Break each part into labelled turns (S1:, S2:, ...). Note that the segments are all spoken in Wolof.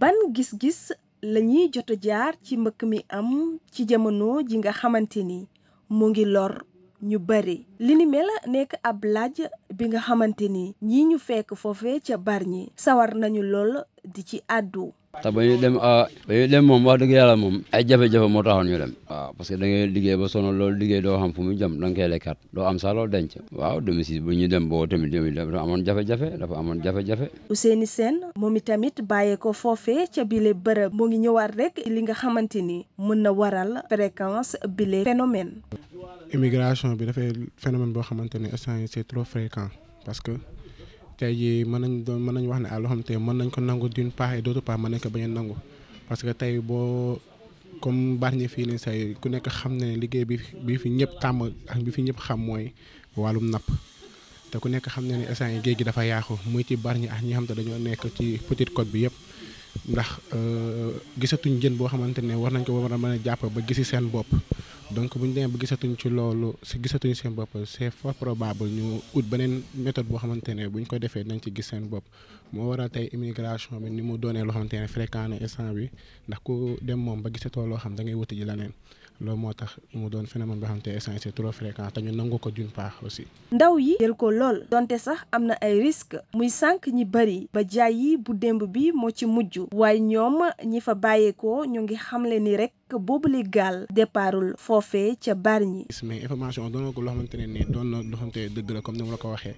S1: ban gis-gis lañuy jot jaar ci mbëkk mi am ci jamono ji nga xamante ni mu ngi lor ñu bari li ni mel nekk ab laaj bi nga xamante ni ñii ñu fekk foofee ca bar ñi sawar nañu lool di ci àddu
S2: te ba ñuy dem ah, ba dem moom wax dëgg yàlla moom ay jafe-jafe moo taxoon ñu dem waaw que da ngay liggéey ba sonal loolu liggéey doo xam fu mu jëm da nga koy lekkat doo denc waaw demi bu ñuy dem boo tamit yooyu dafa amoon jafe-jafe dafa amoon jafe-jafe
S1: Ousseyni Sène moom itamit bàyyee ko foofee ca bile bërëb moo ngi ñëwaat rek li nga xamante ni mën na waral fréquence bile phénomène
S3: immigration bi dafay phénomène boo xamante ne instant c'est trop fréquent parce que tey jii mën nañ doon mën nañ wax ne à loo te mën nañ ko nangu d'une part et d'autre part mën nañ ko bañ a parce que tey boo comme baax ñi fii nii say ku nekk xam ne liggéey bi bi fi ñëpp tàmm ak bi fi ñëpp xam mooy wàllum napp te ku nekk xam ne ni instant yi géej gi dafa yaaxu muy ci bari ñi ak ñi xam te dañoo nekk ci petite code bi yëpp ndax euh, gisatuñ jën boo xamante ne war nañ ko war a mën a jàpp ba gisi seen bopp donc buñ ñu demee ba gisatuñ ci loolu si gisatuñ seen bopp c'est fort probable ñu ut beneen méthode boo xamante ne bu ñu ko defee dañ ci gis seen bopp moo waral tey immigration bi ni mu doonee loo xamante ne fréquent na instant bi ndax ku dem moom ba gisatoo loo xam da ngay wuti ji leneen loolu moo tax mu doon phénomène boo xamante ne instant c'est trop fréquent te ñu nangu ko d'une part aussi.
S1: ndaw yi jël ko lool donte sax am na ay risques muy sànq ñi bëri ba jaay yi bu démb bi moo ci mujj waaye ñoom ñi fa bàyyeekoo ñu ngi xamle ni rek. fekk boobu li gaal départul foofee ca Bargny.
S3: mais information doon na ne nii doon na loo xamante ne dëgg la ni ma la ko waxee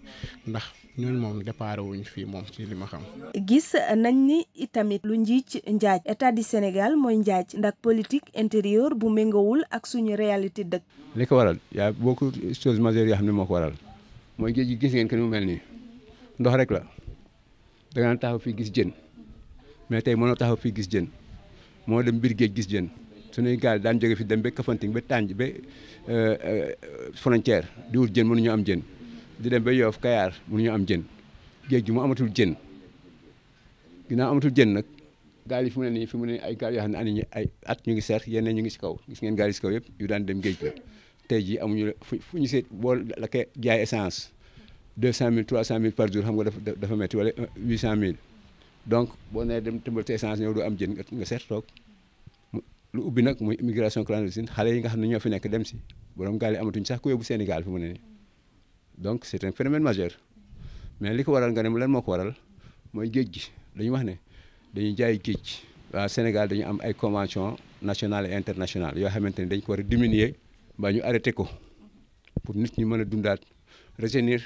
S3: ndax ñun moom départ wuñ fii moom ci li ma xam.
S1: gis nañ ni itamit lu njiic njaaj état du Sénégal mooy njaaj ndax politique intérieure bu méngowul ak suñu réalité dëkk.
S2: li ko waral yaa beaucoup choses majeures yoo xam ne moo ko waral mooy géej gi gis ngeen que ni mu mel nii ndox rek la da nga taxaw fii gis jën mais tey mënoo taxaw fii gis jën moo dem biir géej gis jën. suñuy gaal daan jóge fi dem ba Kafountine ba Tànj ba euh, euh, frontière di wut jën ñu am jën di dem ba Yoff Kayaar ñu am jën géej gi mu amatul jën ginnaaw amatul jën nag gaal yi fi mu ne nii fi mu ne ay gaal yoo xam ne ani at ñu ngi seer yenn ñu ngi si kaw gis ngeen gaal yi si kaw yëpp yu daan dem géej la tey jii amuñu fu ñu seet boo la koy jaay essence deux cent mille trois cent mille par jour xam nga dafa dafa métti huit cent mille donc boo nee dem tëmbal te essence ñëw du am jën nga seet toog lu ubbi nag muy immigration clandestine xale yi nga xam ne ñoo fi nekk dem si borom gaal yi sax ku yóbbu Sénégal fi ne nii donc c'est un phénomène majeur mais li ko waral nga ne lan moo ko waral mooy géej gi dañu wax ne dañuy jaay géej. waa Sénégal dañu am ay convention nationale et internationale yoo xamante ni dañ ko war a diminuer mbaa ñu arrêté ko pour nit ñi mën a dundaat retenir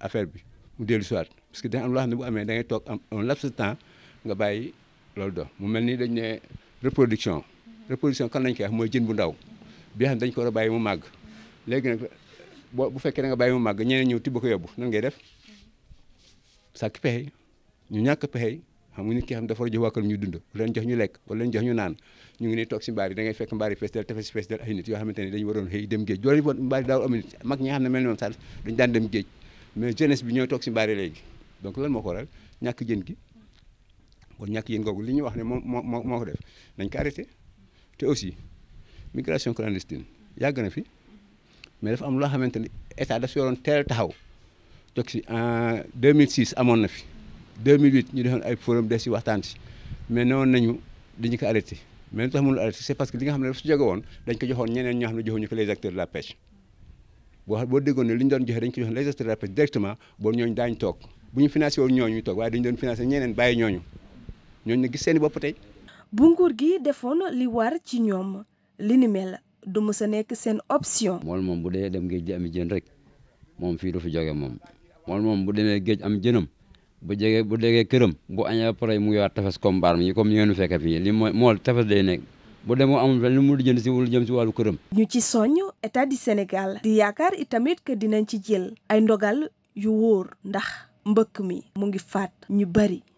S2: affaire bi mu dellu siwaat parce que dañ am loo xam ne bu amee da ngay toog am un laps de temps nga bàyyi loolu do mu mel ni dañ ne reproduction reproduction kan lañ koy wax jën bu ndaw bi nga xam dañ ko war a bàyyi mu màgg léegi nag boo bu fekkee da nga mu màgg ñeneen ñëw tibb ko yóbbu nan ngay def sàkk pexe ñu ñàkk pexe xam nga nit ki xam dafa war a jox waa ñu dund leen jox ñu lekk wala leen jox ñu naan ñu ngi ne toog si mbaar yi da ngay fekk mbaar yi tefes fees del ay nit yoo xamante ne dañu waroon xëy dem géej joole woon mbaar yi daaw am nit mag ñi nga xam ne mel ni daan dem géej mais jeunesse bi ñooy toog si mbaar yi léegi donc moo ko waral ñàkk jën gi kon ñàkk jën googu li ñu wax ne moo moo moo ko def nañ ko te aussi migration clandestine yàgg na fi mais dafa am loo xamante ni état dafa yoroon teel taxaw jóg si en 2006 amoon na fi 2008 ñu defoon ay forum des si waxtaan si mais newoon nañu dañu ko arrêté mais li tax mënul arrêté c'est parce que li nga xam ne dafa si jóge woon dañ ko joxoon ñeneen ñoo xam ne joxuñu ñu doon joxe dañ ko joxoon les acteurs de la pêche directement bon ñooñu daañu toog bu ñu financé woon ñooñu ñu toog waaye dañu doon financé ñeneen bàyyi ñooñu ñooñu na gis seen bopp tey
S1: bu nguur gi defoon li war ci ñoom li ni mel du mës nekk seen option.
S2: mool moom bu dee dem géej gi am jën rek moom fii du fi jóge moom mool moom bu demee géej am jënam bu jege bu degee këram bu añee pare mu yor tefes comme mbaar mi comme ni ngeen fekk fii li mooy mool tefes day nekk. bu demoo amul benn lu mu jëm si wul jëm si wàllu këram.
S1: ñu ci soññ état di Sénégal. di yaakaar itamit que dinañ ci jël. ay ndogal yu wóor. ndax mbëkk mi mu ngi faat. ñu bari.